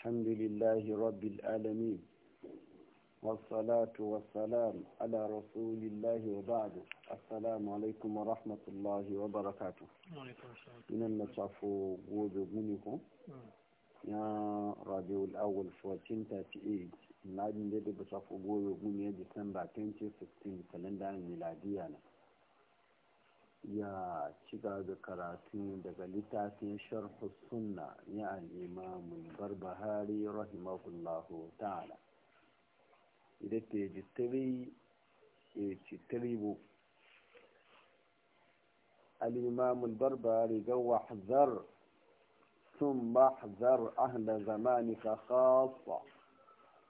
الحمد لله رب العالمين والصلاة والسلام على رسول الله وبعد السلام عليكم ورحمة الله وبركاته من المصاف وبغنكم يا راديو الأول 1438 نادي اللي بصفو بوي وبغنية ديسمبر 2016 كالندر الميلادية أنا ya ciga da karatu daga littafin sharhu sunna ya al'imamun barbahari rahimahullahu ta'ala ida peji 383 eh, bu barbahari ga wahzar sun mahzar ahla zamanika khasa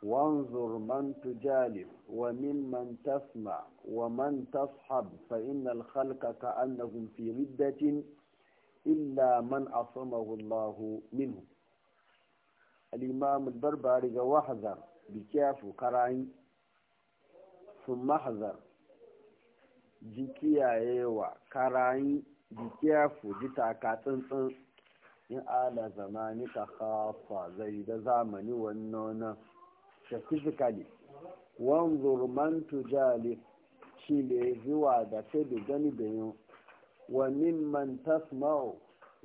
وانظر من تجالب وممن تسمع ومن تصحب فإن الخلق كأنهم في ردة إلا من عصمه الله منهم الإمام البربري واحذر بكاف كرعين ثم احذر جيكيا يوا كرعين بكاف جتا كاتنطن in ala zamanika khassa zai da zamani wannan specifically wanzur man tujali shi ne zuwa da sai da gani da yi wa mimman tasma'u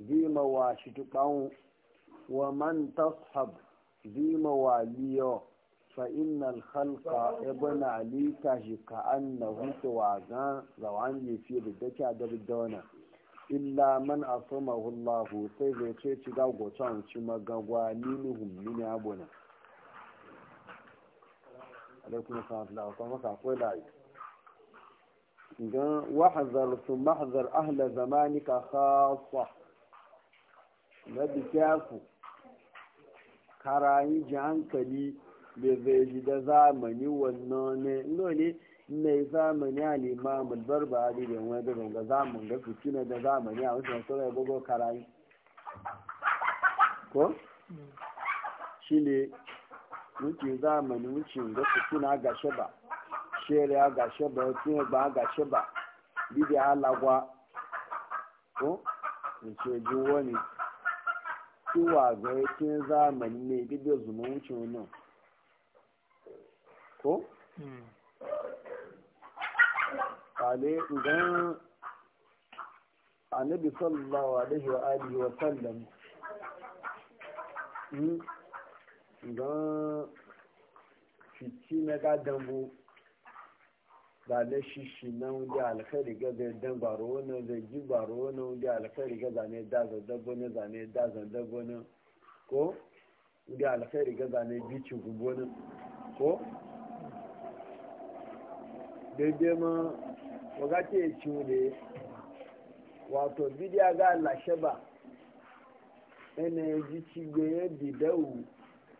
zima wa shi tuɓan wa man tashab zima wa liyo fa innal khalqa ibn ali ta shi ka wa tawagan zawan ne fiye da daka da illa man sama allah sai zai ce ci ga ci magagwa minuhum min abuna alaikun idan wahzar su mahzar ahla zamanika khassa na bikiyaku karayi ji hankali da zai ji da zamani ne mai zamani a mulbar ba a wani da zamun ga cina da zamani a wasu masu rai gogo karayi ko shi ne nke zamanin wucin da su suna shere ba shari'a gashe ba tun ba gashe ba bidiya alagwa ko nke ji wani kiwa ga tun zamanin ne bidiya zuman wucin nan ko? kale hmm. idan annabi sallallahu alaihi wa alihi wa sallam hmm, don fiti na gadon bu ba na shishi na wunde alkhairi ga zai dan baro wani zai ji baro wani wunde alkhairi ga zane dazan dabbo na zane dazan dabbo na ko wunde alkhairi ga zane bici gubo na ko daidai ma wakati ya ci wule wato bidiya ga lashe ba yanayin ji cigbe ya bidawu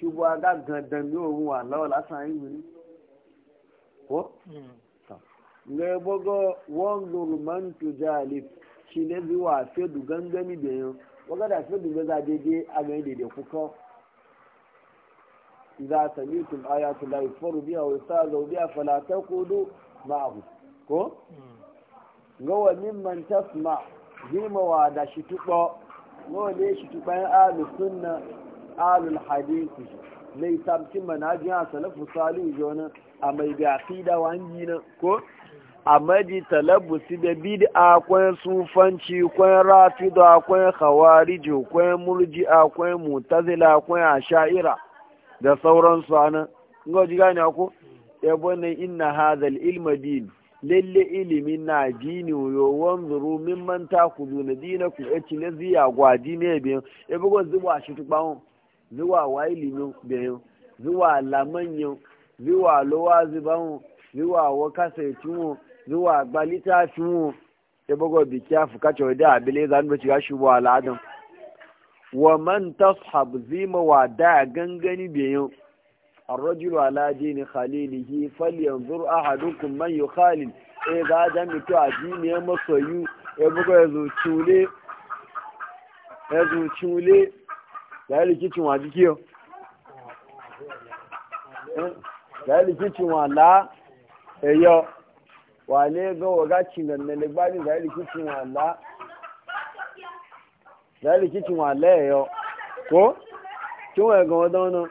shi ba a gandan yawon wa lawa lasan yi wuri ko? Hmm. ga bogo wọn lurman tujalif shi ne zuwa fedu gangani da yin waga da fedu ga za daidai a gani daidai kuka za ta mitum ayatul lahi faru biya wa sa zau biya falata kudu ma'ahu ko? Hmm. ga wa mimman tasma zimawa da shi tuɓo ga wa ne shi tuɓayen alusunna alul hadisi ne tamkin manajin a salafu salihu jona a mai gafi da wangi na ko a maji talabusi da bid'a kwan sufanci kwan rafida kwan khawariji kwan murji'a kwan mutazila kwan asha'ira da sauransu ana ga ji gane ko yabo ne inna hadhal ilma din lalle ilimin na dini yo wanzuru mimman takuduna dinakum eti ne ziya gwa dine biyan yabo go zuba shi tukbawon zuwa wa ilimin yau, zuwa lamanyan zuwa lowa zubanwo zuwa wa kasaitinwo zuwa gbalita finwo ya bago biki afu kacewa da abile za mu shiga shi wa al'adun wa man tashab zima wa da gangani biyu الرجل على دين خليله فلينظر أحدكم من يخالل إذا دمت عجين يمصيو يبقى يزو تشولي يزو تشولي láìlì kíchìn wà jí o láìlì kíchìn wà lá wà lé gọ́wọ́ gáàkì nàìjíríà gbádùn láìlì kíchìn wà lá láìlì kó kí wọ́n ẹ̀gàn ọdọ́ náà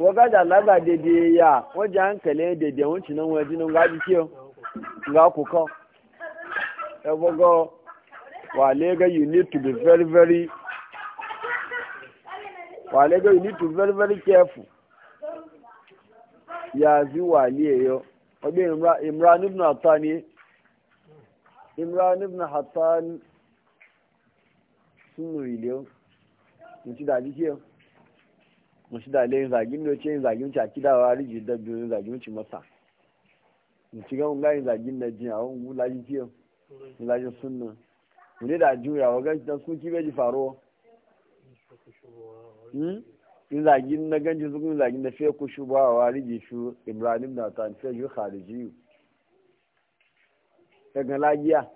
wọ́n gájà lágbà dèdè wọ́n jẹ́ n ń kẹ̀lé dèdè òun very very wàlẹ́gẹ́ you need to very very careful yàzi wàlí ẹ̀yọ́ ọgbẹ́ imran ibn hatani imran ibn hatani sunu ilé o mo ti dàbí kí o mo ti dàlẹ́ ìzàgí ní oṣù ìzàgí ń ti àkídáwà àríjì dẹ́bi ìzàgí ń ti mọ́ta mo ti gẹ́gùn láì ìzàgí ní ẹ̀jìn àwọn òwú láyé kí o mo láyé sunu mo ní ìdájú ìyàwó gẹ́gẹ́ sún kí bẹ́ẹ̀ ti fàrọ́. Hmm? in zagin na ganji su zagin da fiye kushu ba wa wariji shu ibrahim na ta fiye shu khariji yu daga e lagiya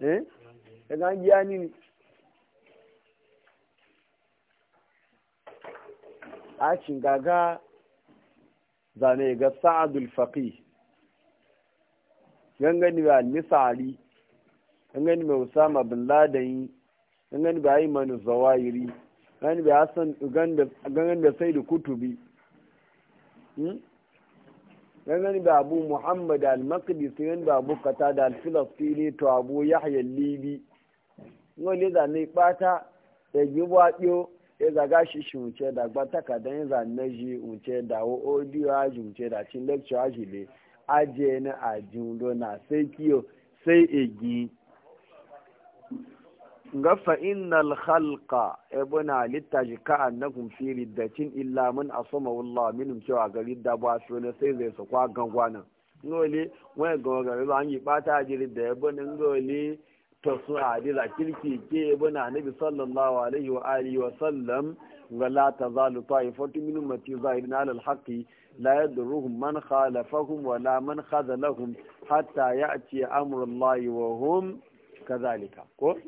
eh daga e lagiya ni a cin gaga zane ga sa'adul faqih gangani ba misali gangani mai usama bin ladayi gangani ba yi manu zawahiri gani bai hasan gangan da sai da kutubi hmm? gangan da abu muhammadu al-maqdisi yin da abu kata da al-filastini to abu yahya libi wani zane bata da giwaɗo ya zaga shi shi wuce da gba don yi e zane shi wuce da audio aji wuce da cin lecture aji ne aje na aji na sai kiyo sai egi ga fa innal khalqa ibuna littaji ka annakum fi riddatin illa man asama wallah minum cewa ga ridda ba su ne sai zai su kwa gangwana ngole wani ga ga ba an yi bata ji ridda ibuna ngole to su adila kirki ke ibuna nabi sallallahu alaihi wa alihi wa sallam wa la tazalu ta'ifatu min ummati zahirin ala alhaqi la yadurruhum man khalafahum wa la man khadalahum hatta ya'ti amrullahi wa hum kadhalika ko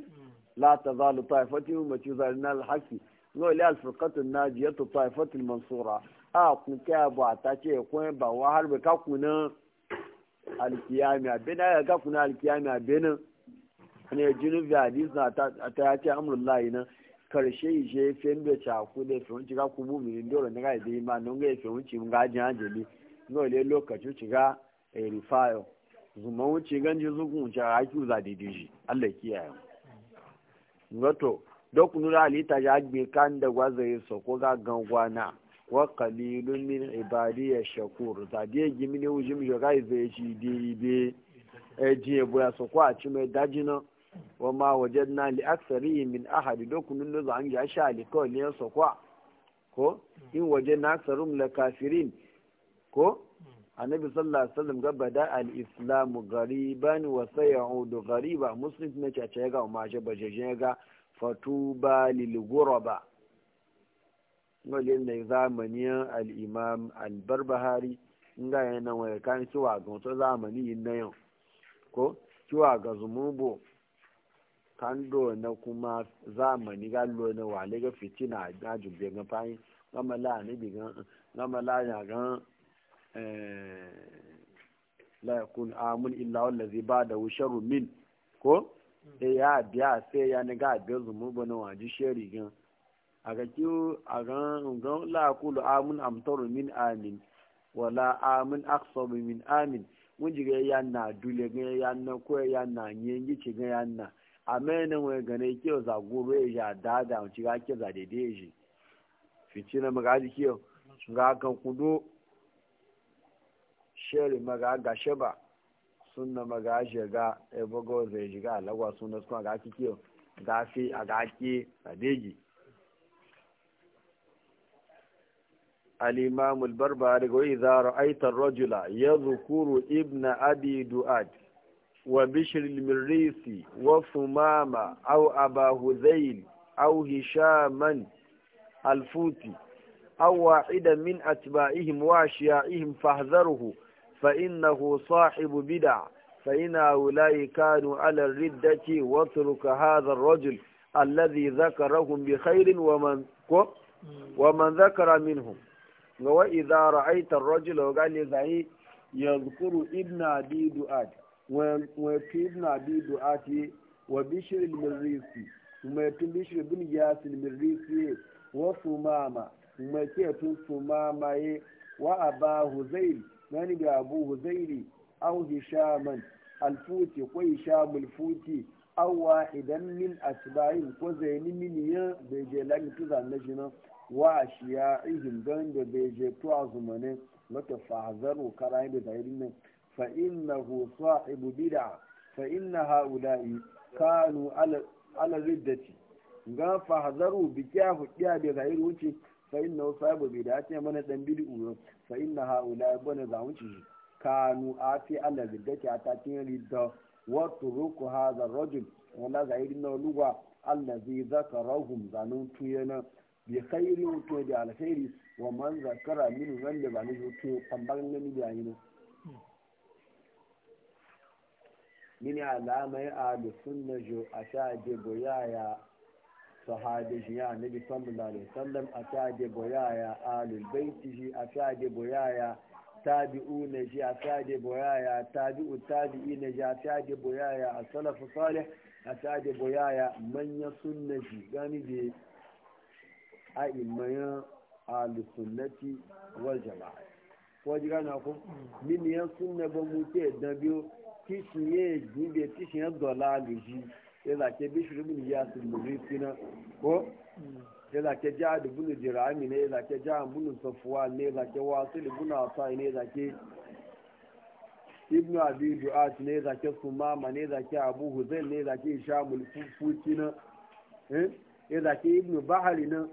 la ta zalu a ummati zalina alhaqi no ila alfirqatu najiyatu taifatu almansura a kun ka ba ta ce kun ba wa har ba ka kuna alkiyami abena ya ka kuna alkiyami abena ne bi na ta ta ce amrullahi na karshe je fen da cha ku da fen ci ka ku mu mi ndoro ne ga dai ma non ga fen ci mu ga jan ajeli no le ci ga rifayo zuma wuce ganji zugun ci a haƙi za daidai shi Allah kiyaye mu wato dokunura alita ya gbe kan da gwazaye so ko ga gangwana wa qalilun min shakur ta die gimi ne ujim yo ga ibe shi di be e ji e so ko a ci daji na wa ma wajadna li aksari min ahad dokunun da zan ya sha li ko ne so ko ko in wajadna aksarum la kafirin ko annabi sallallahu alaihi wasallam gaba da al-islamu gariban wa sayaudu gariba muslim ne ce ce ga ma je baje je ga fatuba lil ghuraba ngolin da zamani al-imam al-barbahari nga yana waya kan ciwa ga to zamani na yau ko ciwa ga zumubo kando na kuma zamani ga lo na wale ga fitina ga jubbe ga fayin ga la ne bi ga ga la ya ga Eh, la yakun amun illa wallazi ba da wusharu min ko e ya biya sai ya ni ga biya zumu bana waji sheri gan a ga kiwo a gan gan la kulu amun amtaru min amin wala amin aksaru min amin mun ji ga ya na dule ga ya na ko ya na nyengi ci ga ya na amene we ga ne o za guru ya dada ci ga ke za dede ji fitina magaji o mm. ga kan kudu shirin magaga shaba suna magaje ga ebogo zai shiga alawa suna suna ga kikiyo gafi a gaki a deji al'imam albarbari ga wani aitar rajula ya zukuru ibna adi du'ad wa bishir milrisi wa fumama au abahu zail au hishaman alfuti au wa'ida min atiba'ihim wa shiya'ihim fahazaruhu فإنه صاحب بدع فإن هؤلاء كانوا على الردة واترك هذا الرجل الذي ذكرهم بخير ومن ومن ذكر منهم وإذا رأيت الرجل وقال لي يذكر ابن أبي دؤاد وفي ابن أبي دؤاد وبشر المريسي وما يتم بشر بن ياس المريسي وصمامة وما يتم صمامة وأبا هزيل gani ga abu huzairi au hishaman alfuti ko hishamul futi au wahidan min asba'in ko zaini min ya bai je lami tuza na jinan wa ashiya ihim don da bai je tuwa zumanin mata fahazaru karayen da zahirin nan fa innahu sahibu bid'a fa inna haula'i kanu ala riddati ga fahazaru bi kya hudiya da zahir wuce fa innahu sahibu bid'a ce mana dan bid'u fa inna haula ibn zawuci kanu afi ala riddati atatin ridda wa turuku hadha rajul wala zairi na luwa allazi zakarahum zanun tuyana bi khairi to da alheri wa man zakara min wanda ba ne to tambarin ne da yin mini alama ya ahlu sunna jo asha je yaya. sahabe shi ya nabi sallallahu alaihi wasallam a sade boyaya alul baiti shi a sade boyaya tabi'u ne shi a sade boyaya tabi'u tabi'i ne shi a de boyaya a salafu salih a sade boyaya manya sunna shi gani je a imayan alul sunnati wal jama'a ko ji gana ku min yan sunna ba mu ke dan biyo kishin ye gibe kishin ya dola luji ya zake bishir ibn yasir mujisi ko ya zake jihar ibn jirami ne ya zake jihar ibn safuwa ne ya zake wasil ibn asai ne ya zake ibn abi du'at ne ya zake sumama ne ya zake abu huzail ne ya zake ishamul fufuti na ya eh? zake ibn bahari na ya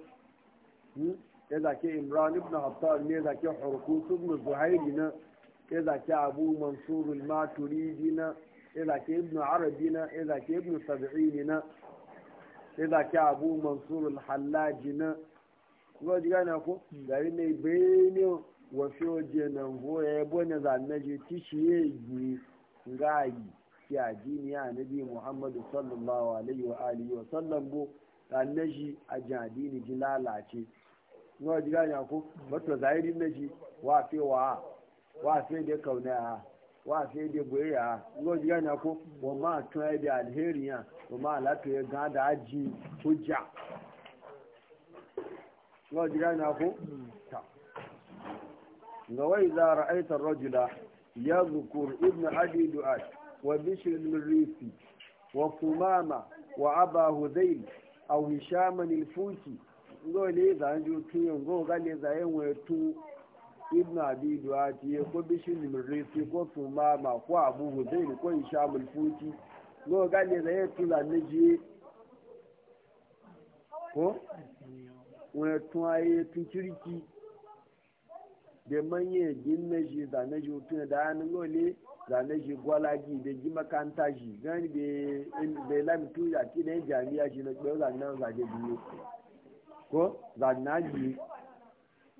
hmm? zake imran ibn hattar ne ya zake hurkus ibn zuhairi na ya zake abu mansur al-maturidi na إذا كي ابن عربينا إذا كي ابن سبعيننا إذا كي أبو منصور الحلاجنا gwaji gane ko gari mai benin wafi oje na ngo ya yabo na zanaje tishi ya yi ngayi ki addini ya nabi muhammadu sallallahu alaihi wa alihi wa sallam bo zanaje a ji addini ji lalace gwaji gane ko wato zahiri na ji wa fi wa wa fi da kaunaya. wa sai da boyayya ngo diga na ko wa ma tun ai da alheri ya wa ma la to ya ga da aji hujja ngo diga na ko ta ga wai za ra'aita rajula yadhkur ibn abi du'at wa bishr al-rifi wa kumama wa aba hudayl aw hisham al-futi ngo ne za ju tun ngo ga ne za yin wetu ibn abi duwati ya ko bishin limirisi ko ma ko abu hussein ko isha mulfuti no gane da ya e tula na je ko wani e tun aye tun kirki e da manye gin na je da na je tun da hannun lole da na je gwalagi da ji makanta shi gani da lamitu ya ki da jami'a shi na kwayo zanen zage biyu ko zanen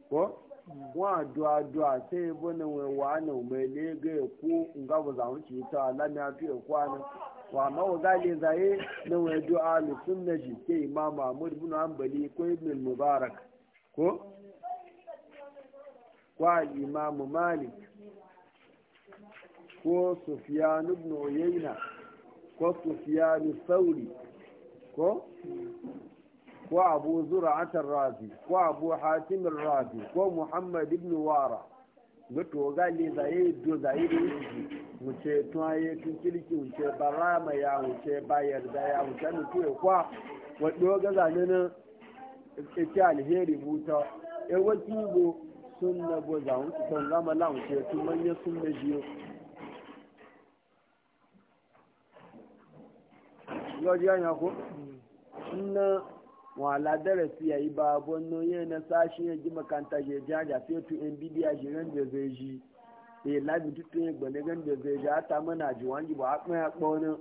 ko wa duwa duwa sai bane wai wani mai ne ga ya ko in ga ba za mu ci ta Allah ya fi ya e kwana wa ma wa ga le zaye na wai du'a lu sunna ji ke imam Ahmad ibn Hanbali ko ibn Mubarak ko wa imam Malik ko Sufyan ibn Uyayna ko Sufyan Thawri ko ko abu zura'atar razi ko abu hatimin razi ko muhammad ibn wara ga to gali zaye do zaye da yi mu ce tuwaye tun kirki mu ce barama ya mu ce bayar da ya mu ce mu tuwe kwa wadda ga zane na ake alheri buta e waki bo sun na bo za mu zama la mu ce tun manya sun na biyo yau ji ya ko mm. na wala darasi ya yi ba babon noye na sashen ya ji makanta je jaja sai tu yan bidiya shi ran da zai ji e labi tutu ya gbane gan da zai ji hata mana ji wangi ba hakan ya kpaunin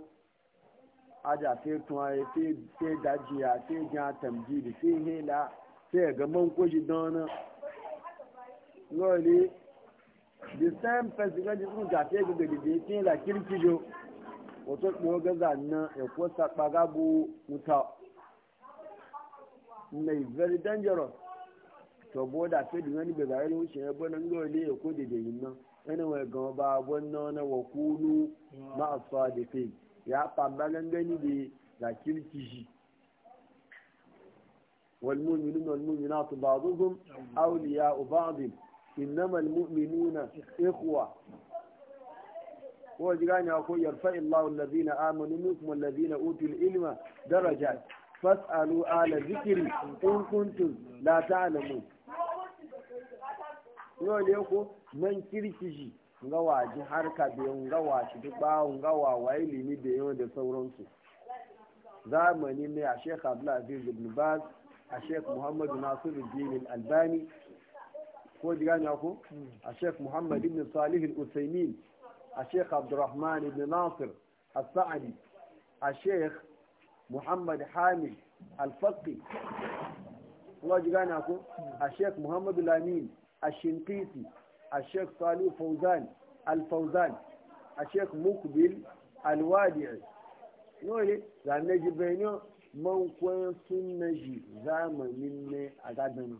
aja sai tuwa ya sai dajiya sai jan tamjiri sai hela sai ga man kwashi donin lori the same person ga jisun ga sai ga gadi da ya ce la kirkijo wato ɗoga zannan ya kosa ɓaga bu wuta mai very dangerous to boda fe di wani be zai wuce ya bana ngo le ko de de yin nan ana wa ga ba wannan na wa kulu ma asadiqin ya pambalan gani de da kirki shi wal mu'minuna wal mu'minatu ba'dhum awliya'u ba'd innama al mu'minuna ikhwa ko jira ne ko yarfa illahu allazina amanu minkum allazina utul ilma darajat fas'alu ala zikiri in kuntum la ta'lamun yau ne ko nan kirkiji ngawa ji harka biyu ngawa shi duk bawon ngawa wa ilimi da yawa da sauransu zamani ne a sheikh abdulaziz ibn baz a sheikh muhammadu nasiruddin albani ko diga gane ko a sheikh muhammad ibn salih al-usaimin a sheikh abdurrahman ibn nasir as-sa'di a sheikh muhammad hamid alfaqi kuma ji gane ku? a sheik muhammadu lamin a shinkiti a sheik salu fauzan alfauzan a sheik mukbil alwadi'i nole zane ji benyo man kwan sun na ji zamanin ne a gadana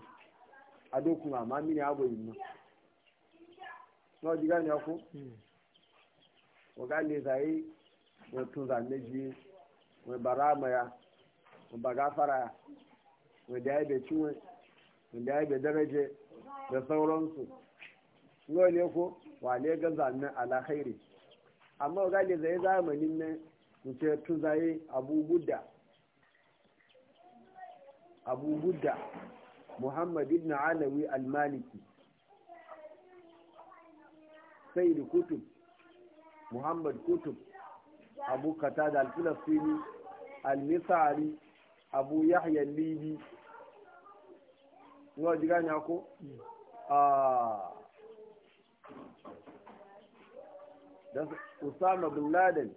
a dokun amma mini agwayin nan kuma ji gana ko hmm. wa gane zaye wato zane ji mai ama ya mai bagafara ya mai ayi bɛ tiwɛ wọn mai ayi bɛ bai bɛ da sauransu yau ne ko wale ga zanen alakhairi amma gali zai zamanin nan nke tuzaye abu buddha abu buddha muhammadu ibn alawi al-maliki kutub muhammadu kutub abu da al-filastini al abu yahya libi ngo diga nya ko usama bin laden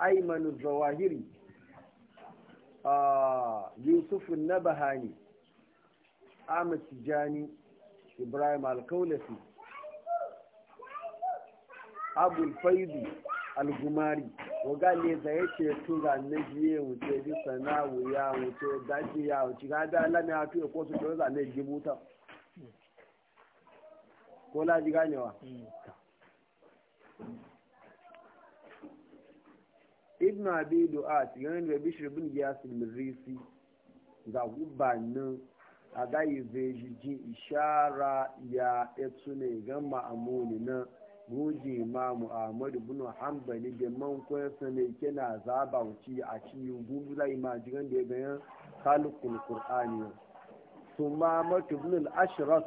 ayman zawahiri ah yusuf an-nabahani ahmad tijani ibrahim Alkaunafi, kaulafi abul algumari waga ne da yake tura na jiye wuce bi sana ya wuce daji ya wuce ga da Allah ne hatu ko su tura ne jibuta ko la ji ganewa ibn abi du'at yana da bishir bin giyas al-mirisi ga gubanin a yi zai ji ishara ya etsu ne ga ma'amuni na muji ma muhammadu bin hanbali da man kwansa ne kina zaba wuce a cikin gudu zai ma jiran da ya gani kalukul qur'ani su ma matu bin al-ashras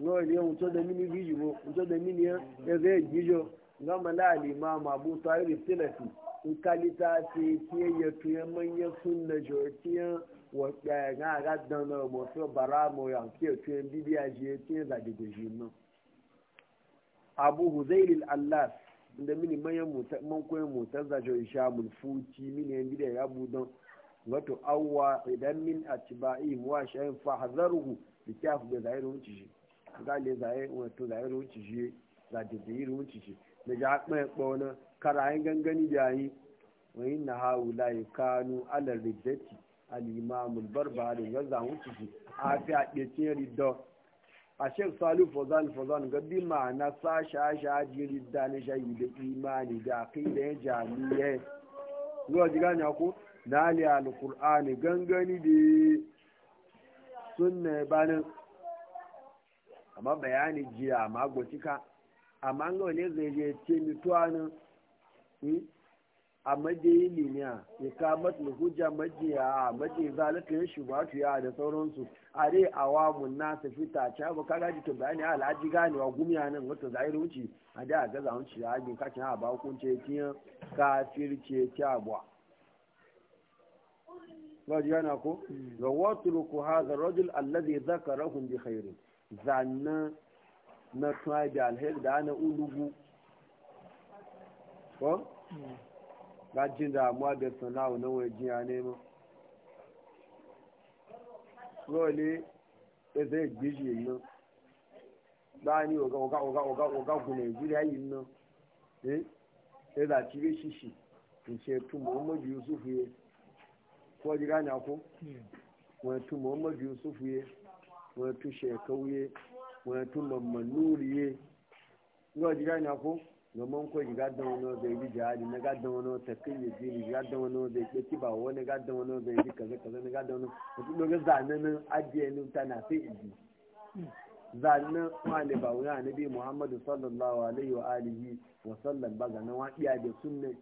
no ne mutu da mini bijibo mutu da mini ya zai bijo gama la al-imam abu da tilafi in kalita ce ke ya tuya manyan sunna jortiyan wọ̀nyá àgá dáná ọmọ bara bàrá àmọ́ àti ètò ẹ̀ bíbí àjẹ́ tí ẹ̀ zàdìgbò yìí náà. abu huzail al-allas da mini koyi mankoyin motar zajo isha mulfuci mini yan bidiyar ya budan wato awwa idan min a ciba'i muwa shayin fahazaruhu da kyafu da zahirin wuce shi gale zahirin e, wato zahirin wuce shi zadidirin wuce shi da ja mai ɓauna karayen gangani da yi wa yin na hau layi kanu alar riddati al'imamul barbari ga zamun ciki a fi a ɗece ridda a shek salu fozan fozan ga bi ma'ana sa sha ji ridda na shayi da imani da kai da ya jami'e zuwa ji gani ku na ali al-qur'ani gangani da sunna banin amma bayani jiya ma gotika amma ga wani zai je ce mutuwa nan hmm? a madayi limiya ya kamat hujja majiya a maji zalika ya shubatu ya da sauransu a dai awamun nasa fita ci abu kaga jikin bayani a alhaji ganewa gumiya nan wata zahir wuce a da ga za wuce ya gin kacin a ba hukunce tiya kafirce kyabuwa Raji yana ko? Ga hmm. waturu ku haza rajul allazi zakarahum bi khairin. Zanna na tuwa da alheri da ana ulugu. Ko? Hmm. gajin damuwa da sana'u na waje ya neman role da zai gbiji nan ba ni oga oga oga oga oga ku nigeria yi nan eh sai da cire shishi in ce tu muhammadu yusufu ye ko ji gane ko hmm. wani tu muhammadu yusufu ye wani tu shekau ye wani tu mamman nuri ye ko ji gane ko domin ko ga dan wani zai yi jihadi na ga dan wani ta kin yi jiri ga dan wani zai ke kiba wani ga dan wani zai yi kaza kaza na ga dan wani wasu doga zanen ajiye ni ta na sai iji zanen wani ba wani annabi muhammadu sallallahu alaihi wa alihi wa sallam ba zanen wa iya da sunne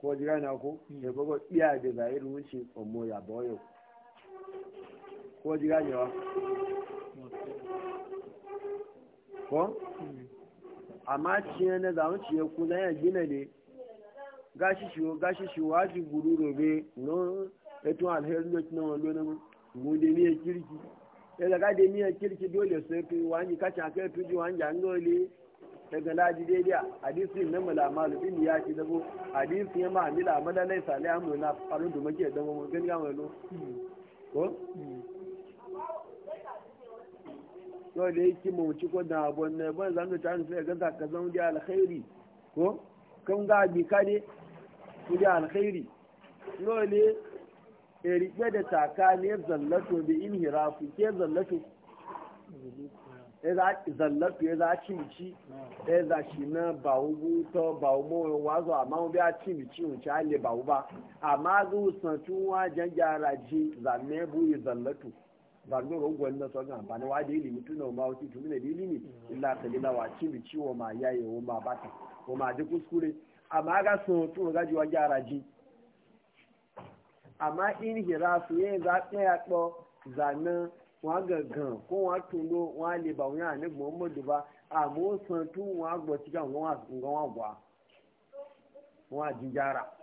ko jira na ko ya gogo iya da zairin wuce omo ya boyo ko jira ne wa ko amma ciye na zamu ciye ku zan ya gina ne gashi shiwo gashi shiwo haji guru robe no eto alherin da kina wando na mu da ne kirki ya ga da ne kirki dole sai fi wani kace akai tuji wani an jangole daga ladi daidai hadisi na mulamalu bin ya ci dabo hadisi ya ma'amila laisa salih amuna farun da muke dabo mun gani ga wani hmm. ko hmm. kawai da yake mawuci ko da abon na ban zan da tani sai ga za ka zan da alkhairi ko kan ga bi ka ne ku da alkhairi yau ne e rike da taka ne zallato bi inhirafu ke zallato e za zallato e za ci mici e za shi na ba ugu to ba umo wazo amma mu bi a ci mici un ci ale ba amma zu san tuwa jan jaraji zanne bu zallato zagoro gwan na sogan ba na wa da ilimi tuna ma wasu tuna da ilimi illa kalila wa cin bi ciwo ma yaye wo ma bata wo ma ji kuskure amma ga so to ga ji wa gyara ji amma in hira su ye za ta ya to zanan wa gangan ko wa tuno wa le ba wa ne muhammadu ba a mo san tu wa gbo ti ga wa wa gwa wa ji gyara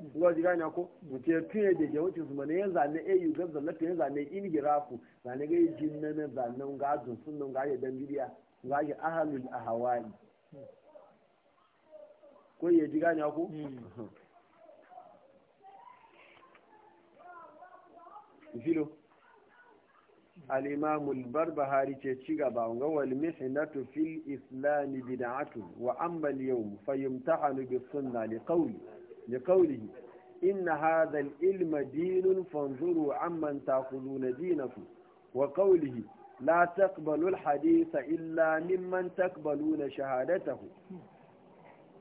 duwa jiga ne ko mutum ya tuye da jawancin su mana ya zane au ga zallafi ya zane ingira ku zane ga yi jin nan zane ga azun sun nan ga yi dan biriya ga yi ahalin a hawaii ko ya jiga ne ko hmm. filo al'imamu barbahari ce ci gaba ga wali mihinatu fil islami bidatu wa ambal yau fahimta hannu bi sunna li kawai da kaulihi inna hadha al-ilma dinun fanzuru amman ta'khuduna dinakum wa qawlihi la taqbalu hadisa haditha illa mimman taqbaluna shahadatahu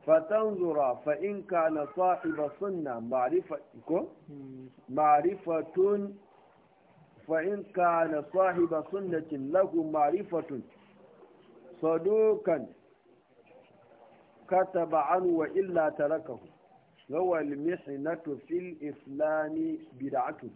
فتنظر فإن كان صاحب سنة معرفة معرفة فإن كان صاحب سنة له معرفة كتب عنه وإلا تركه rawal mihnatu fil islami bid'atu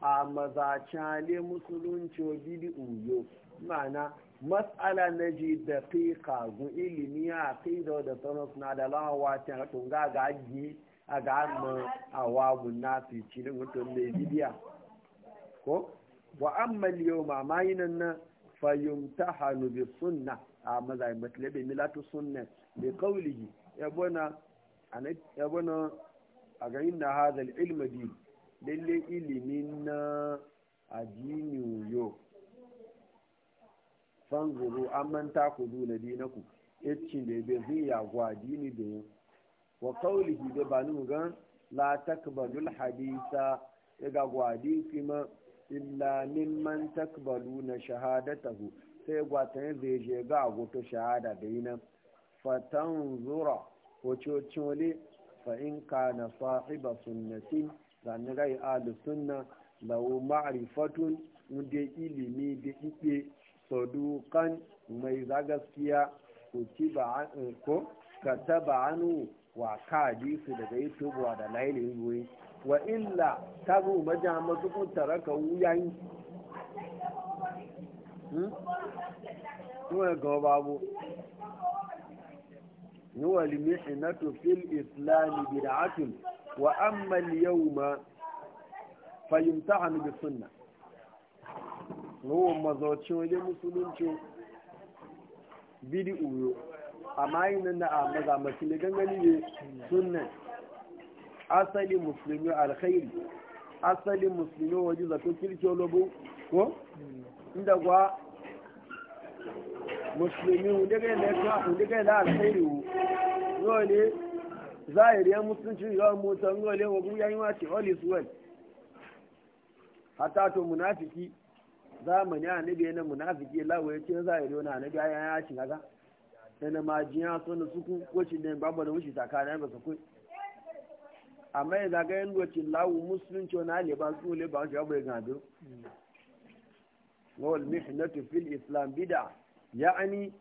a mazacale musulunci bid'u uyo mana matsala na ji da fika gun ilimi a kai da sauran suna da lawa ta tunga ga gaji a ga amma a wagun na fi cire mutum mai bidiya ko wa amma yau ma nan na ta hannu bi sunna a mazayin batalabe milatu sunna bi kaulihi ya bona ya bana a ga na hadal ilma lalle ilimin na addini yo fanguru an manta ku duna dinaku yacin da bai zai yago addini da yin wa kaulihi da ba nu gan la takbalul hadisa ya ga hadisi ma illa mimman takbaluna shahadatahu sai gwatan zai je ga goto shahada da yi nan fatan zura wacce wale fa'in ka na sahiba sunnati zane rai alu sunna da wo ma'arifatun da ilimi da ike sadukan mai zagaskiya eh, ko kataba anu wa kaji su daga yi tubuwa da lailin ruwa wa illa ta zo maja masu kun taraka wuyan hmm? ga babu هو المحنة في الإسلام بدعة وأما اليوم فيمتحن بالسنة هو مزوجين لمسلمين bidi uyo amma yin na a mazamakin da gangani ne sunan asali musulmi alkhairi asali musulmi waje zato kirki olobo ko inda gwa musulmi wundagai da alkhairi wu yole zahiriyar musulunci yawon mutan yole wa guya yi wace all is well hata to munafiki zamani a nabi na munafiki lawa zahiri ce zahiri wani anabi a yayin yaci ma yana majiya na suku wacce ne babu da wuce tsakanin ba su kai amma ya zaga yin wace lawu musulunci su ba ya gado wal mihnatu fil islam يعني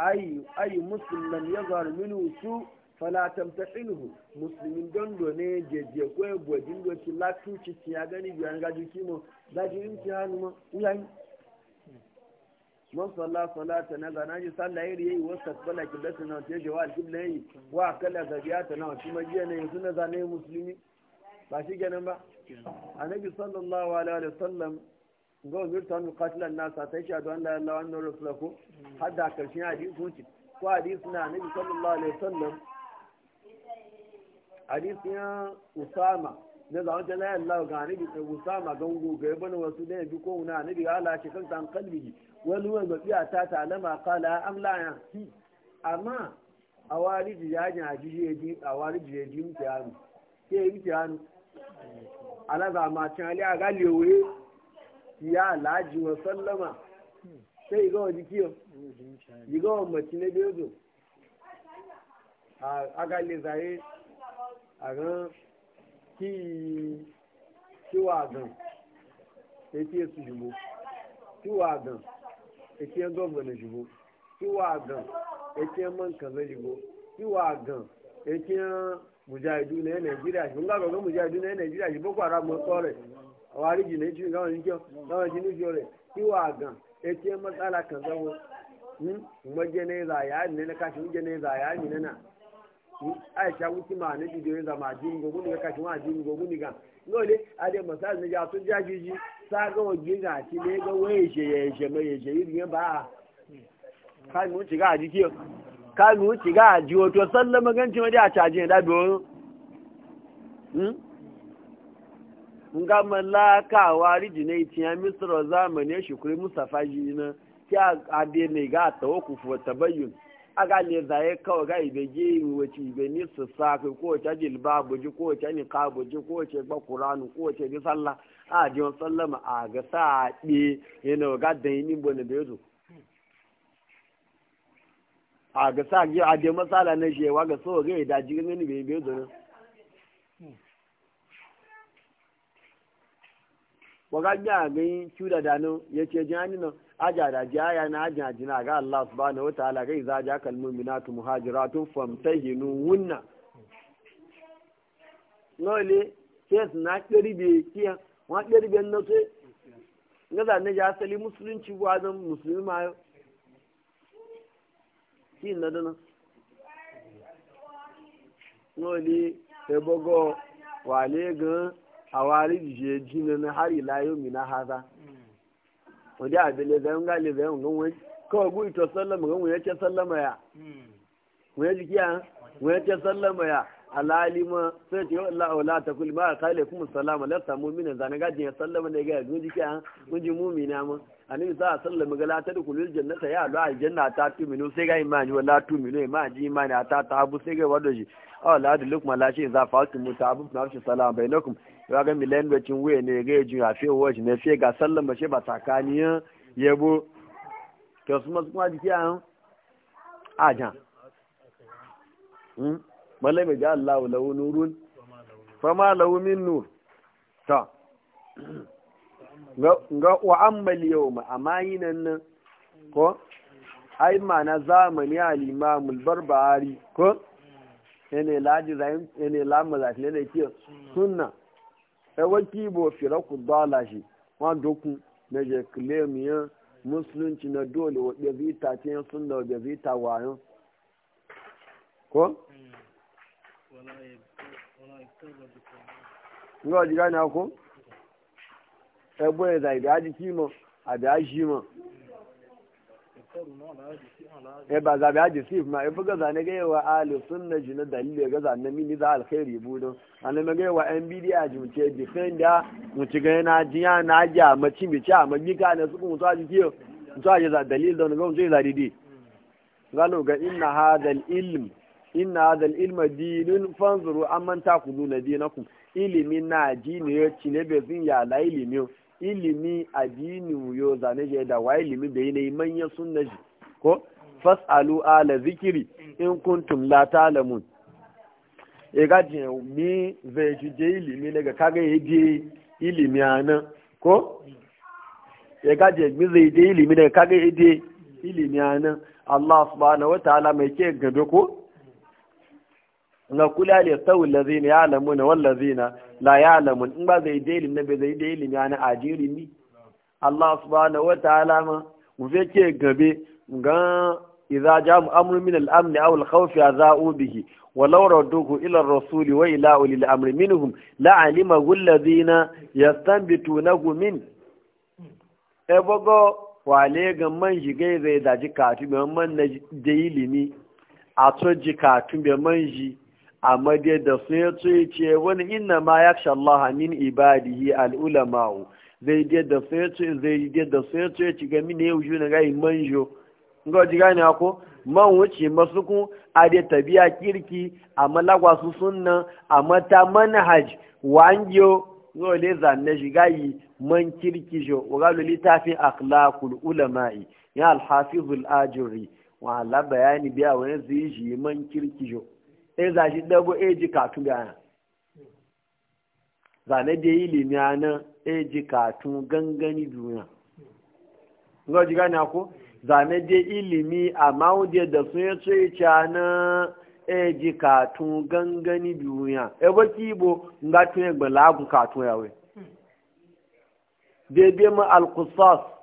أي أي مسلم لم يظهر منه سوء فلا تمتحنه مسلمين جندو ne jeje ko ebo dindo ti la tuci ti ya gani biyan gaji kimo gaji imtihanu ma uyan man salla salata na ga naji salla iri yayi wasa bala kiblatu na ta jawa kibla yayi wa kala zabiyata na shi majiya ne sunna zane muslimi ba shi ganin ba annabi sallallahu alaihi wasallam ga umirtu an qatila na nas ta shahadu an la ilaha wannan Allah wa rasuluhu hadda karshen hadisi kunci ko hadisi na annabi sallallahu alaihi wasallam hadisi ya usama na zaman ta layar lawa ga annabi ta usama ga ungu ga yabana wasu da bi ko wuna annabi ga ala shekan san kalbi wani wani mafiya ta ta alama kala amla ya amma a wari ji a jijiyaji a ta ya mutiyanu ke yi ala alaza ma can ali a galewe ya alhaji wa sallama sai ga wa jikiyo yi ga wa mace na biyu zo a gale zaye a ran ki kiwa gan sai fiye su jibo kiwa gan sai fiye gwamna jibo kiwa gan sai fiye man kaza jibo kiwa gan sai fiye mujahidu na yan najeriya shi ga ga mujahidu na shi boko haram tsore àwọn àríjì ní ju ìgbà láwọn ìjì ní rẹ ìwà àgàn etí ẹ mọ́tàlá kan sọ́wọ́ hmm? mọ́ jẹ́nẹ́rà yáà nínú káṣí nínú náà aisha wuti ne bidiyo ya zama jini gogun ne ma ga ngole ade masal ne ja tun jajiji sa ga ti ne ga waye she ye she me ye she yin ba ka nu ci ga ji ki ka nu ci ga ji o to ma nga malaka wari jine tiya misra zamani shukuri mustafa jina ki ade ne ga tawakkufu aga le ga ibe ge wace ibe ni su safi ko ta jilbabu ji ko ta niqabu ji ko ta ba qur'anu ko ta bi sallah a ji on sallama a ga sa yana ga dan ni a ga sa ji a de na ga so ga da ji waga ga gai cuda da ya ce jani nan aja da jaya na aja jina ga Allah subhanahu wa ta'ala gai za ja kal mu'minatu muhajiratun famtahinu wunna nole kes na kirbe kiya wa kirbe na ce ngaza ne ja asali musulunci wa zan musulma yo kin na dana nole ebogo wale gan hawari je jina na har ila yau mi na haza wani abin da zai ga le zai ga wani kawai gui ito sallama ga wani ce sallama ya wani jiki ya wani ce sallama ya alalima sai ce Allah wala ta kul ma kale kuma salama la ta mu'mina zan ga din sallama ne ga wani jiki ya ji mu'mina mu annabi sa sallama ga la ta kulul jannata ya la aljanna ta minu sai ga imani wala tu tuminu e imani imani ta ta bu sai ga wado ji shi aw la duluk malashi za fa'tum mutabu na shi salama bainakum ya ga milan bacin wuya ne ga yaji a fiye wajen na fiye ga sallan mace ba ya yabo to su masu kuma jiki a ajan hmm? malai mai ja allahu lahu nurun fama lahu min nur ta ga wa ammal yawma amma yinan nan ko ai ma na zamani al-imam al-barbahari ko yana laji zayin yana lamu zafi ne da sunna ewa kibo firaku dala shi wa dokun na je kilemiya musulunci na dole wa ɗaya zita ce yin sunna wa zita wayan ko? Nga ji gane ko? Ebe ya zai da aji kima, a da aji ma. e ba zabi haji sif ma e gaza zane gaiwa yawa ahli sunna jina dalili gaza na mini za alkhairi budon ma gaiwa yan bidi a jimce defenda mu ci ga na jiya na ajiya maci bi ci a magika na su kun so haji kiyo so haji za dalil don ga zai zari di ga inna hadal ilm inna hadal ilma dinun fanzuru ku takuduna dinakum ilimin na ji ne ya ci ne bezin ya la ilimi ilimi addini yo zane je da wa ilimi da yanayi manyan sunna ji ko fasalu ala zikiri in kuntum la talamun e ga je mi zai ji je ilimi daga kaga ya je ilimi ana ko e ga je mi zai je ilimi daga kage ya je ilimi ana Allah subhanahu wa ta'ala mai ke gado ko na kula da tsawon lazina ya alamu na wani lazina la ya alamu in ba zai da ilimi na bai zai da ilimi ya na ajiyar ni Allah ba na wata alama mu ke gabe ga ja mu amru min al'amni a aw al a yadha'u bihi wa laura duku ila rasuli wa ila ulil amri minhum la'alimahu alladhina yastanbitunahu min ebogo wale ga man jige zai daji katu man na da ilimi a tsoji katu man amma dai da su ya ce wani inna ma ya Allah min ibadihi al'ulama'u zai dai da su ya zai da su ya ce gami ne yau shi na gani manjo ga ji gane ko man wuce masu kun a dai tabiya kirki a malagwa su sunna a mata manhaj yi yau le zanne shi gayi man kirki jo wa littafin akhlaqul ulama'i ya alhafizul ajuri wa la bayani biya wani zai shi man kirki jo e za shi ɗago e ji katun za zane da yi limiya na e ji katun gangani duniya ga ji gane ko zane da ilimi ma wuje da sun yi tsoye na e ji katun gangani duniya e ba kibo ga tun ya gbala abun katun yawe daidai ma alkusas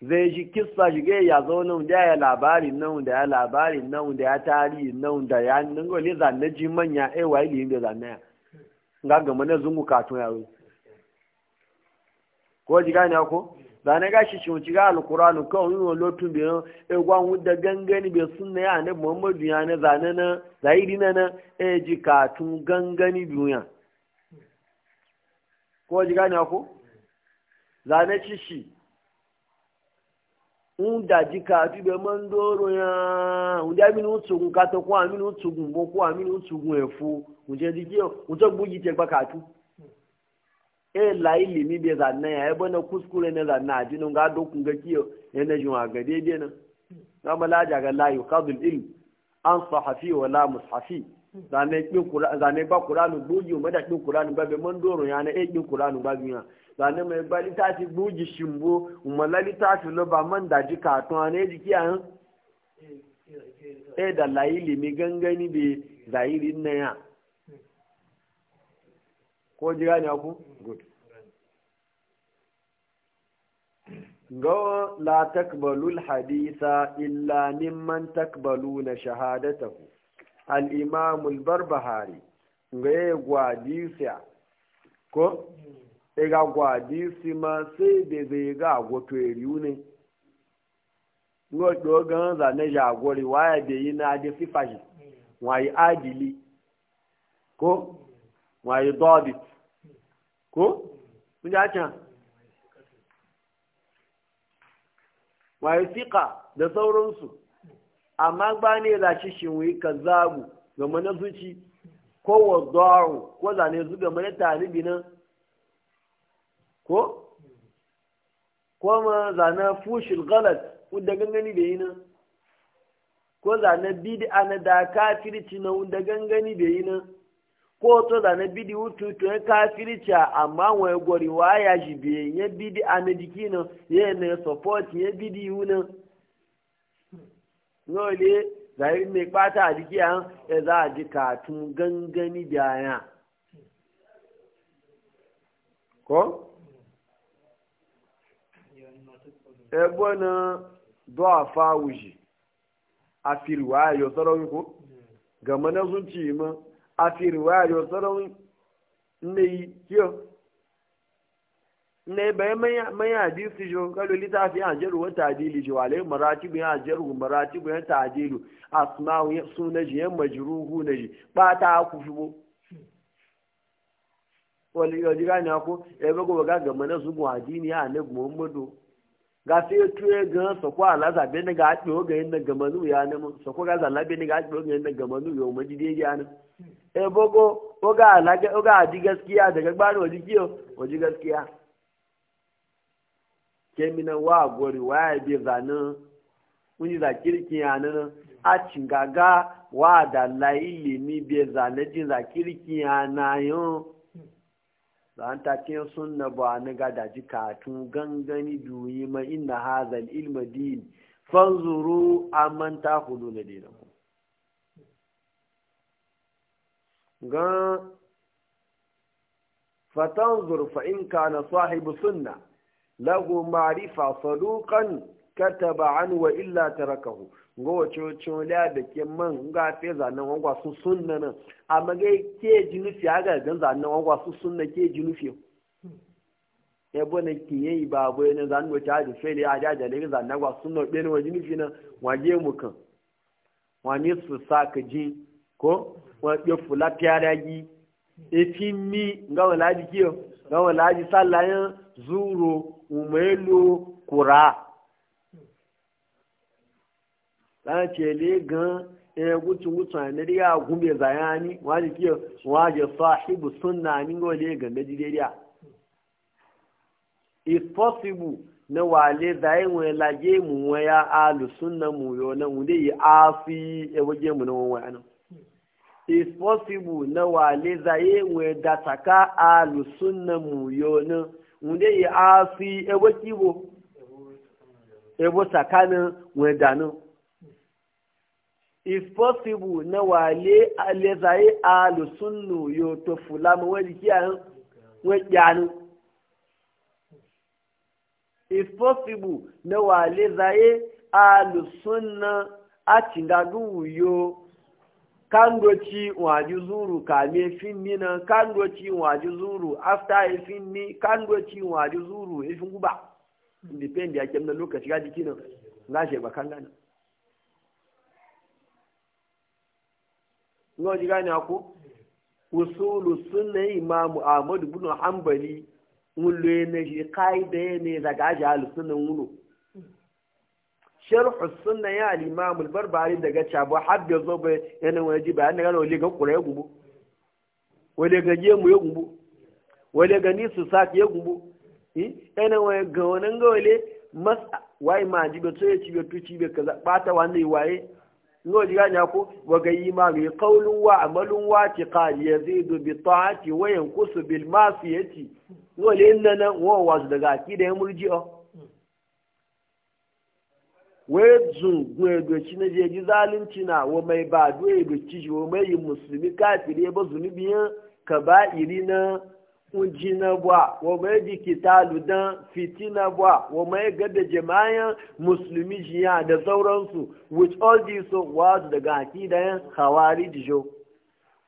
zai ji kissa shige ya zo nan da ya labari nan da ya labari nan da ya tarihi nan da ya ningo ne zanne ji manya ai wai ne da zanne ya ga ga mana zungu kato ya zo ko ji gane ko zane ga shi shi ga alqur'anu ko yin lotun bi e eh, gwan wudda gangani be sunna ya ne muhammadu ya ne zanne na zaidi na na ai eh, ji katun gangani duniya ko ji gane ko zane shi shi da jika tu be man doro ya unja mi nu tsugun ka to kwa mi nu tsugun bo kwa mi nu tsugun efu unje dike unje buji te gbaka tu e la ili mi be za na e bona kuskure ne za na jinu ga do kun ga kiyo ne na jun ga de de na ga mala ja ga la yuqadul ilm an sahafi wala mushafi zane ba kuranu buji o da kin kuranu ba be man doro yana e kin kuranu ba biya zane mai ba litafi buji shimbo mu la litafi lo ba man da ji ka to ne e ji kiya e da laili mi gangani be zairi na ya ko ji gani aku good ga la takbalul hadisa illa mimman takbaluna shahadatahu al'imamul barbahari ga ya gwadisiya ko ga gwadisi ma sai da zai ga gwato eriyu ne ngo dogon zane jagori waya da yi na da sifashi wayi adili ko wayi dobit ko mun ja can wayi sika da sauransu amma ba ne za shi shi wuyi ka zagu ga mana zuci ko wa dawo ko zane zu ga mana talibi nan ko ko ma zane fushil galat wanda gangani da yi nan ko zane bidi ana da kafirci na wanda gangani da yi nan ko to zane bidi wutu to ya kafirci amma wani gwariwa ya shi biye ya bidi ana jiki nan ya ne support ya bidi yi nan lole zahirin mai kpata a jiki an ya e za a ji katun gangani anya. ko? ebe na zuwa fawushi a firwa yau sarauni ko? gama na sun ci ma a firwa yau sarauni ne yi ne bayan mai hadisi jo kalo littafi ajaru wa tadilu jo alai maratibu ya ajaru maratibu ya tadilu asma'u ya suna ji ya majruhu na ji ba ta ku fibo wani yau jira ne ko ya e bago ga ga mana adị n'i ya annabi muhammadu mmadụ. sai tuye ga sako alaza be ne ga adiyo ga yin ga manu ya ne mun sako ga zalla be ne ga adiyo ga yin ga manu yo majide ya ne e bago o ga alaga o ga gaskiya daga gbaro wajiyo waji gaskiya kemina wa gori wa bi zanu kuni za kirkin yanin a cingaga wa da laili ni bi jin za kirkin yanayin zan ta kin sunna ba ni ga da ji katun gangani duyi ma inna hazal ilma din fanzuru amman ta hudu na dina ku gan fatanzur fa in kana sahibu sunnah lahu ma'rifa saduqan kataba an wa illa tarakahu ngo wace la da ke man ga e fe zanan wangwa su sunna nan amma ga ke jinufi aga ga zanan wangwa su sunna ke jinufi e bona ki yayi babo ne zan ta aji fele aja da le zanna wangwa sunna be ne wa jinufi nan waje mu kan ni su saka ji ko wa ya fula ji etimi mi nga wala ji kiyo nga wala ji sallayan zuro umelu kura lan chele gan e gutu gutu ne riya gumbe zayani waji kiyo waji sahibu sunna ni ngo le gan da jideriya if e possible na wale zai wani laje mu waya alu sunna mu yo na mu dai afi e waje mu na wani is possible na le zaye nwe da taka alusunna mu yonin wunde yi a fi ebo saka na tsakanin nwe danin is possible na wa le zaye alusunnu yo to fula mu wani kiyan nwe kyanu is possible na le zaye alusunna a cingagu yo kandoci waji zuru kame finni na kandoci waji zuru after ifin ni kandoci waji zuru ifin guba depend ya kemna lokaci ga jikin na she ba kan gani ngo ji gani aku usulu sunna imam ahmad ibn hanbali mun lo ne shi kaide ne daga ajal sunan wulo sharh sunna ya al-imam barbari daga chabo habbe zobe yana waji bayan daga wale ga kura ya gubu wale ga jemu ya gubu wale ga nisu ya yana waye ga wannan ga wale mas wai ma ji be tsoye ci be tuci ba kaza bata wannan waye ngo ji ganya ko wa ga imam ya qawlun wa amalun wa tiqali yazidu bi ta'ati wa yanqusu bil ma'siyati ngo le nan wa daga akida ya murji'a wezu gwedoci na jeji zalunci na wa mai ba doye shi wa mai yi musulmi kafiri ya ba zunubiyan ka ba iri na unji na bwa wa mai jiki talu dan fiti na bwa wa mai gada jama'an musulmi jiya da sauransu with all this so was daga hakidayen hawari dijo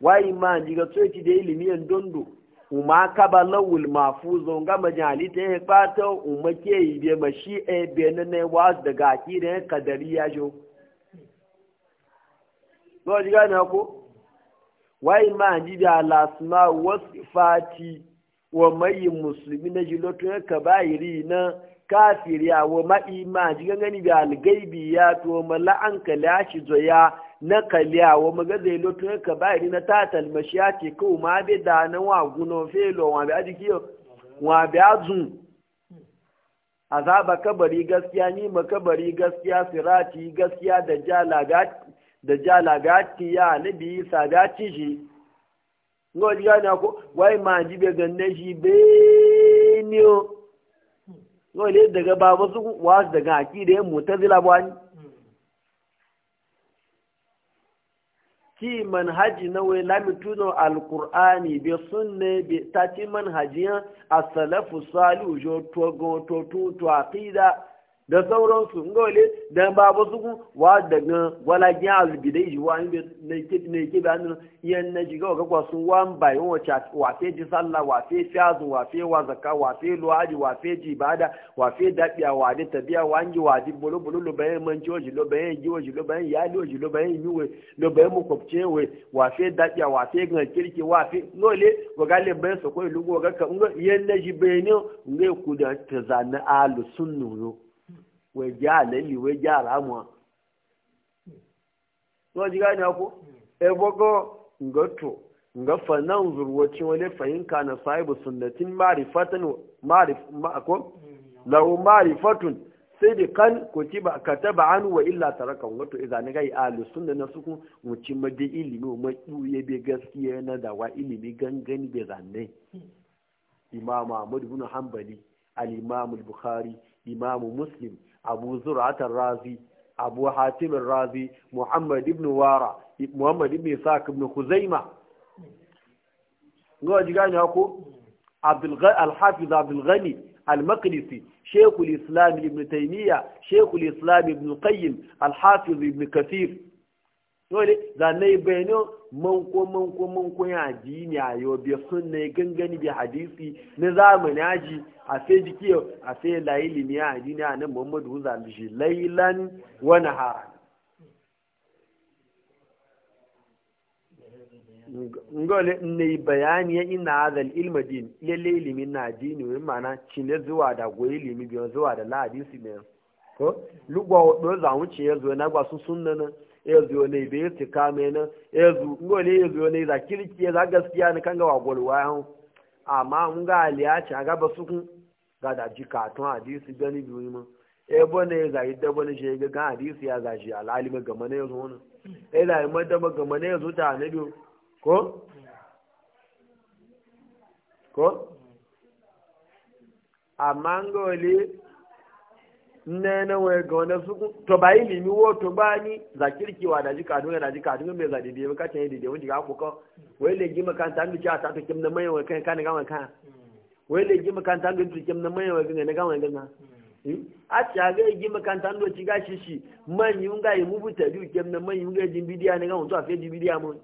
wa diga tsoki da ilimiyan dondo uma kaba lawul mafuzo ga majali ta ya fata uma ke yi be ma shi e be na ne wa daga akidan kadari ya jo to ji gane ko wai ma ji da lasma fati wa mai musulmi na jilotu e ka bayiri na kafir ya wa ma'ima ji gangani bi algaibi ya to mala an kala shi zoya na kaliya wa magazai lotu ka bayani na tatal ya ke kawo ma bi da na wa guno felo wa bi aji kiyo wa bi azun azaba kabari gaskiya ni ma kabari gaskiya sirati gaskiya da jalagat da jalagati ya nabi sagati shi ngoli gani ko wai ma ji be ganne shi be ni o wale daga ba wasu wasu daga aki da yan mutazila ba ni ki manhaji na wai lamituna alkur'ani bi sunne bi tati manhajiyan asalafu salafu salihu jo to to to aqida da sauransu ngole da su suku wa daga wala gin albidai yi wa ne ne ke da hannun iya na jiga wa kakwa sun wan bai wa cha wa fe ji sallah wa fe wafe wa zaka wafe luwaji wa wa ji bada wa fe dabiya wa de tabiya wa nji wa bulu bulu lo bayan man ji oji lo bayan ji oji lo bayan ya lo lo bayan yi we lo bayan mu kwabce we wa fe dabiya wa fe gan kirki wa fe ngole wa gale bayan su lugu, wa ga ka yan na ji bayan ne ngai ku da tazana alu nuno. wai ja lalli wai ja ramuwa so ji gani ko e bogo ngato nga fa zurwaci wani fahimka na sahibu sunnatin ma'rifatan ma'rif ma'ako lahu ma'rifatun sai da kan ko ci ba ka taba an wa illa taraka wato idan ni yi alu sunna na suku mu ci made ilimi ma duye be gaskiya na da wa ilimi gangani be zanne imam Ahmad ibn Hanbali al-Imam al-Bukhari imam Muslim abu zur'atar razi abu hatimin razi muhammad ibn wara muhammad ibn isaac ibn huzaima ga ji gane ko al-hafiz ghani al-maqdisi shaykh al-islam ibn taymiya shaykh al-islam ibn qayyim al-hafiz ibn kathir dole zanai bayano manko manko manko ya ji ne ayo bi sunna gangani bi hadisi na zamani aji a sai jiki a sai la ilimi a addini a nan muhammadu huza mishi lailan wa nahara ngole ne bayani ya ina azal ilma din lalle ilimi na addini wani mana cine zuwa da goyi ilimi biyan zuwa da lahadin su ne ko lugwa wadda za mu ce yanzu na gwa sun sunna nan yanzu ne bai yi tika mai nan yanzu ngole yanzu ne za kirki za gaskiya na kan gawa gwalwa yawon amma mun ga aliya a gaba su kun gada ji katon hadisi gani biyu ma e bane ga da bane shi ga kan hadisi ya gashi ma ga mana yazo ne e da yamma da ga mana yazo ta ne biyu ko ko amma ngoli ne na we ga wanda su to ba ilimi wo to ba ni za kirkiwa da ji kadun da ji kadun me za dide ka tan dide wanda ga ko ko wai le gi makanta an bi ta to na mai wa kan kan ga kan wai da gi makanta ga tukem na wa ga na gama gana hmm. hmm? a ci ga gi makanta ndo ci ga shi man yi nga yi mubu ta ju kem na mai yi nga jin bidiya na gama to a fe di bidiya mun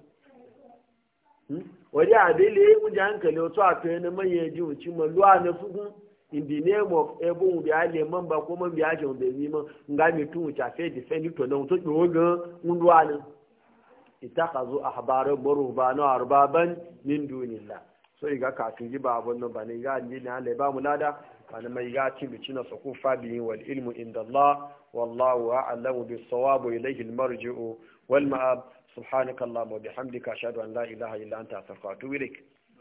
hmm? wadi le mu ja kale to a fe na mai yi ji uci ma luwa na ku in the name of ebo mu biya le man ba ko man biya je be mi man nga mi tun uci a fe ni to na to do ga mun luwa ne itakazu ahbaru ruhbanu arbaban min dunillah so iga kafin ji ba nan ba ne iga ni na le ba mu lada ba ne mai iga bi bici na sako fabi wal ilmu inda Allah wallahu a'lamu bis sawab ilayhi al marji'u wal ma'ab subhanakallahumma wa bihamdika ashhadu an la ilaha illa anta astaghfiruka wa atubu